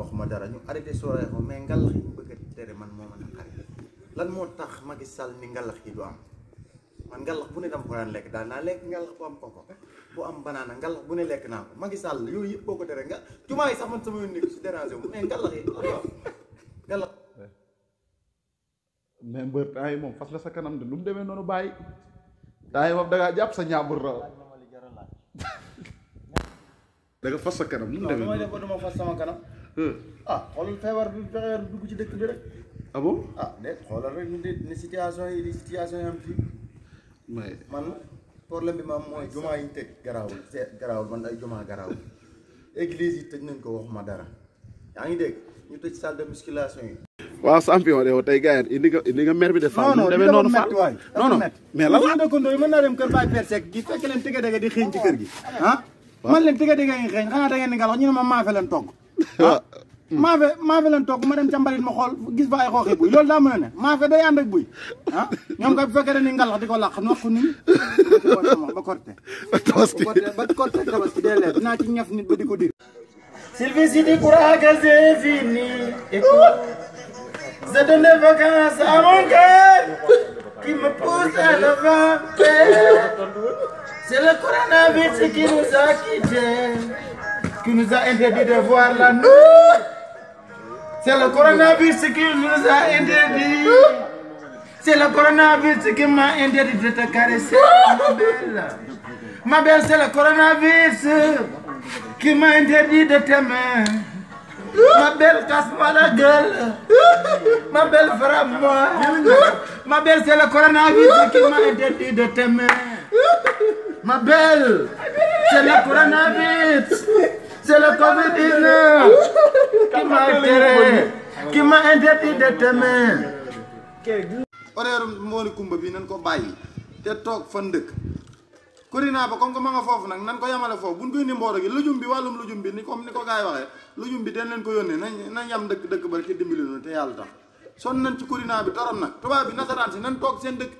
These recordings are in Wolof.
wax ma dara ñu arrêté Sooraya ko mais ngalax yi ñu bëgg a tere man moo mën a xare lan moo tax Macky Sall ni ngalax yi du am bu ne dama ko naa lekk ngalax bu am koko am banaana ngalax bu ne lekk naa ko Sall yooyu sama yoon nekk si dérangé mais ngalax yi moom fas la sa kanam de lu mu demee noonu bàyyi temps yi jàpp sa ñaabur raw fas sa kanam lu mu demee noonu. dama ah xoolal feebar bi feebar bi dugg ci dëkk bi rek. ah bon ah déet xoolal rek ni ni situation yi ni situation yi am fii. mais man problème bi ma am mooy jumaa yi ñu teg garaawul seet man ay jumaa garaawul. église yi tëj nañ ko waxuma dara yaa ngi dégg ñu tëj salle de musculation yi. waaw champion de yow tey gars yi indi nga mer bi de. Fall mu demee noonu Fall non non mais lan la. dëkkandoo yi mën naa dem kër Baye Père gi fekk leen tëgg dëgg di xëy ci kër gi. ah man leen tëgg a yi xëy xanaa maa fa leen togg Ah, ah, hmm. maafe maafe leen toog ma dem ca mbalit ma xool gis ba ay xooxi buy loolu daa mën a ne maafe day ànd ak buy ah, ñoom kay bu fekkee dañuy ngalax di ko làq nokk nii ba korte tabaski ba korte tabaski dee leer ci ñaf nit ba di ko dir Sylvie Sidi Kouraka Zéphini écoute c'est une vacance à mon cœur qui me pousse à l'avant c'est le coronavirus qui nous a quittés qui nous a interdit de voir la nuit. C'est coronavirus qui nous a interdit. de te ma belle. Ma coronavirus qui m'a interdit de t'aimer. Ma belle, casse Ma belle, frappe Ma belle, c'est coronavirus qui m'a interdit de t'aimer. Ma belle, c'est coronavirus. c'est le Covid-19 qui m'a tere qui m'a interdit de t'aimer. horaire moo ni kumba bi nan ko bàyyi te toog fan dëkk. Corona ba comme que ma nga foofu nag nan ko yamale foofu bu ñu koy ni mbooro gi lujum bi wàllum lujum bi ni comme ni ko gars yi waxee lujum bi den leen ko yónnee nañ nañ yam dëkk dëkk ba te dimbali noonu te yàlla tax sonn nañ ci Corona bi torom nag tubaab bi nasaraan si nan toog seen dëkk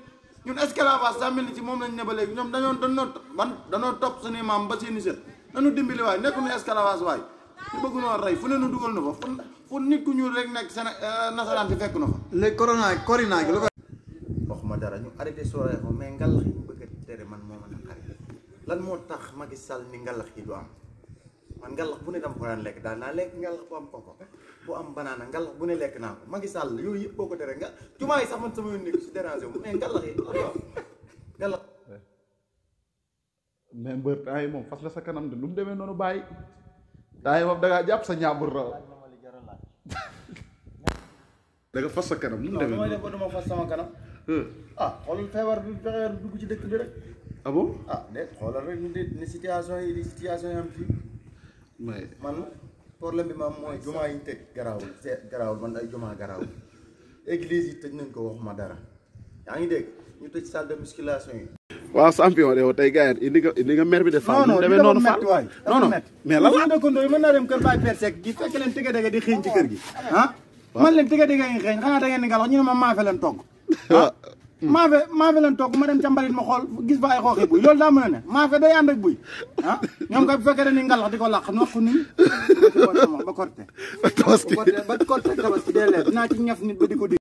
ñun esclavage sax mel ni ci moom lañ ne ba léegi ñoom dañoo dañoo ban dañoo topp suñuy maam ba seeni nanu dimbali waay nekku nu esclavage waay ñu bëgg noonu rey fu ne nu dugal na fa fu nit ku ñuul rek nekk seen eh, nasaraan bi fekk na fa léegi corona corona gi lu ko ma dara ñu arrêté sore ko mais ngalax man moo moo tax Macky Sall ni ngalax yi du ngalax bu ne dama ko daan lekk daan naa lekk ngalax bu am koko bu am banaana ngalax bu ne lekk naa ko Macky Sall yooyu yëpp boo ko tere nga jumaa yi sax man sama yoon nekk si déranger mais ngalax yi ngalax mbër temps yi moom fas nga sa kanam de lu mu demee noonu bàyyi temps yi moom da jàpp sa ñaambur raw da nga fas sa kanam lu mu demee noonu dama fas sama kanam ah xoolal feebar bi feebar bi dugg ci dëkk bi rek ah bon ah déet xoolal rek ni situation yi di situation yi am fii man problème bi maam mooy jumaa yi ñu teg garaawul seet garaawul man ay jumaa garaawul église yi tëj nañ ko wax ma dara yaa ngi dégg ñu tëj salle de musculation yi waaw champion yow tey gars yi de. Fall mu demee noonu Fall non non mais lan la dëkkandoo yi mën gi fekk leen tëgg-dëgg di xëeñ ci gi ah. Ah? man leen tëgg-dëgg yi xëeñ xanaa da ngeen di nga wax ma maafe leen togg ah. maafe maafe leen togg ma dem ca ma xool gis ba ay xooxi buy loolu daa mën a ne maafe day ànd ak buy ñoom kay bu fekkee dañuy ngalax di ko làq nokk nii ba korte ba korte tabaski dee leer dinaa ci ñaf nit ba di ko